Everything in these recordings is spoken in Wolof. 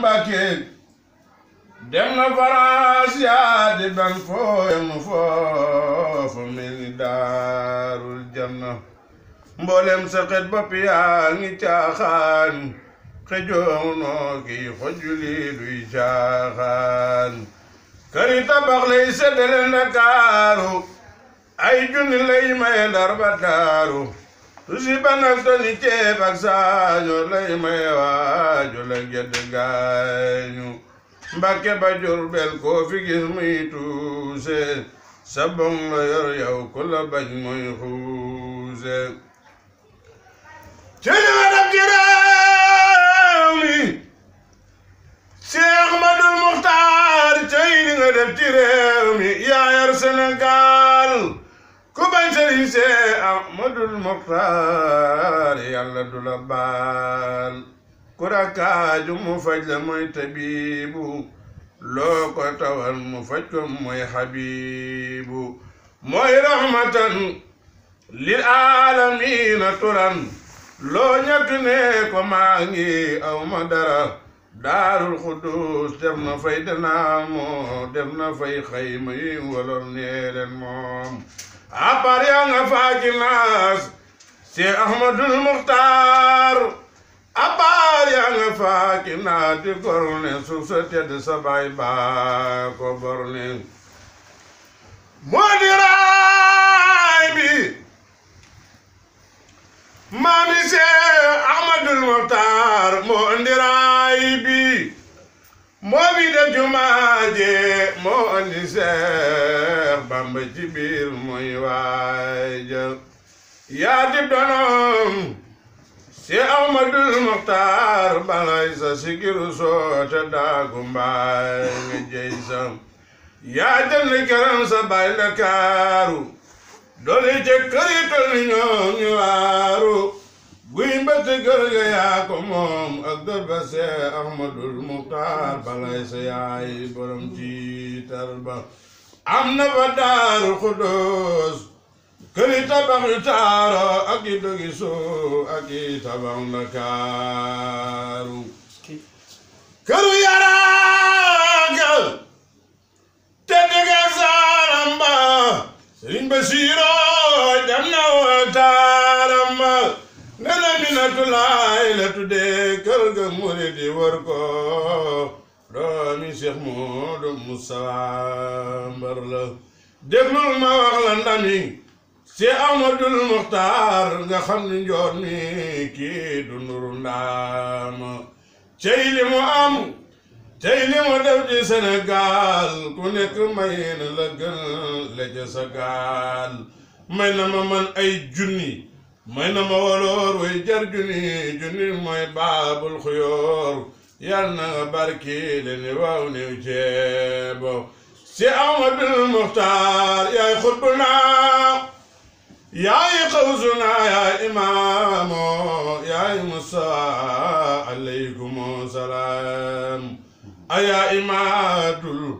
Mbàkke dem na France yaa di ban fooyam foofu mil daarul janna mboolem saqet bopp yaa ngi caaxaan xëjoo noo kii xojuli luy caaxaan këri tabax lay seddale Ndakaaru ay junni lay maye Ndar ba Daaru si banag toni ceeb ak saajo lay may waajo la gedd gaañu mbàkke ba jur bel koo gis muy tuuse sa bon la yor yow ku la bañ muy xuuse ci li def ci mi Cheikh Madul Muxtaar ci nga def ci mi yaa yor Sénégal ku bañ sëriñ see ahmadul muxtaar yàlla du la baal ku rakkaaju mu faj la mooy loo ko tawal mu faj ko mooy xabibu rahmatan lil aalamiina turan loo ñàkk ko maa aw ma dara daarul xudus def na fay danaa fay xayma yi waloon nee leen apar yaa nga faaki Ahmadul Muxtaar apar yaa nga faaki naas tedd sa baay baa ko gorne moo di bi de jumaaje moo andi Seex Bamba ci biir muy waaja yaa di donoom si Ahmadul Muxtaar balay sa sigiru soota daagu mbaay nga jey sam yaa jënd këram sa bay Ndakaaru doole jëkkëri tol ni ñoom ñu waaru guy mbëtt gër ga yaa ko moom ak dër ba see ahmadul muxtaar balay sa yaay borom ci am na fa daaru xudóos këri tabax yu taaro ak i dogi soo ak i tabax ndakaaru këru yaraaga te dëgga saaram ba sëriñ Madinatu Laay la ga murit yi wër ko doomi Cheikh Modou Moustapha Mbar la ma wax la ndami Cheikh Ahmadul Muxtaar nga xam ni njoor mi kii du nuru ndaama cey li mu am tey li mu def ci Sénégal ku nekk may na la gën la ca sa may na ma man ay junni ماينا ما ويجر جني جني مي باب الخيور يالنا باركي لني واوني وجيبو سي عمر بن المختار يا خطبنا يا قوزنا يا امامو يا موسى عليكم السلام ايا امادو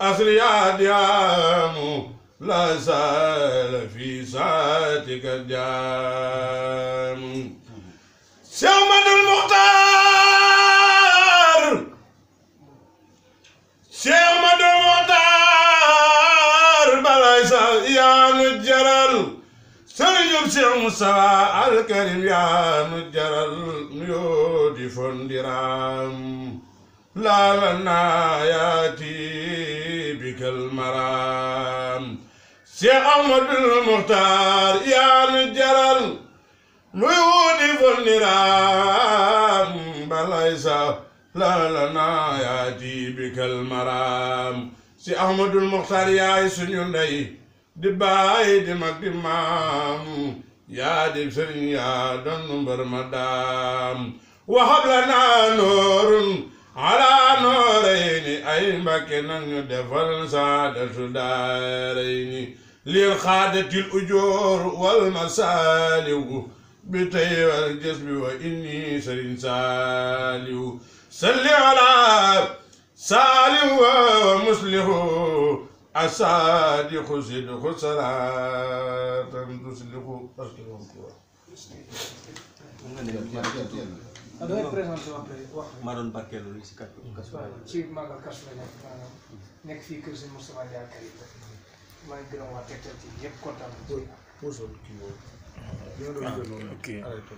اصل يا مو لا زال في ساعتك الجام سيومد المختار سيومد المختار بلايس يا نجرل سرجم سيوم مصطفى الكريم يا نجرل نيودي فندرام لا لنا ياتي بك المرام Cheikh Ahmadul Muxtaar yaa nu jaral luy wuti fol niraam balay sa lalana yaati bikal maraam Cheikh Ahmadul Muxtaar yaay suñu ndey di baay di mag di yaa di yaa doon mbar ma daam waxab alaa noorayni ay mbakke nag ñu defal saadatu daarayni للخادة الأجور والمسالو بطيب الجسم وإني سر سالو سل على سالم ومسلح الصادق صدق صلاة تصدق أصلهم Maroon Bakel lu sikat. Ci magal kas la nekk fii kër Sëñ Moustapha Ndiaye Karib. maa ngi gërëm waa Tektal TV yëpp kontaan nañu ci.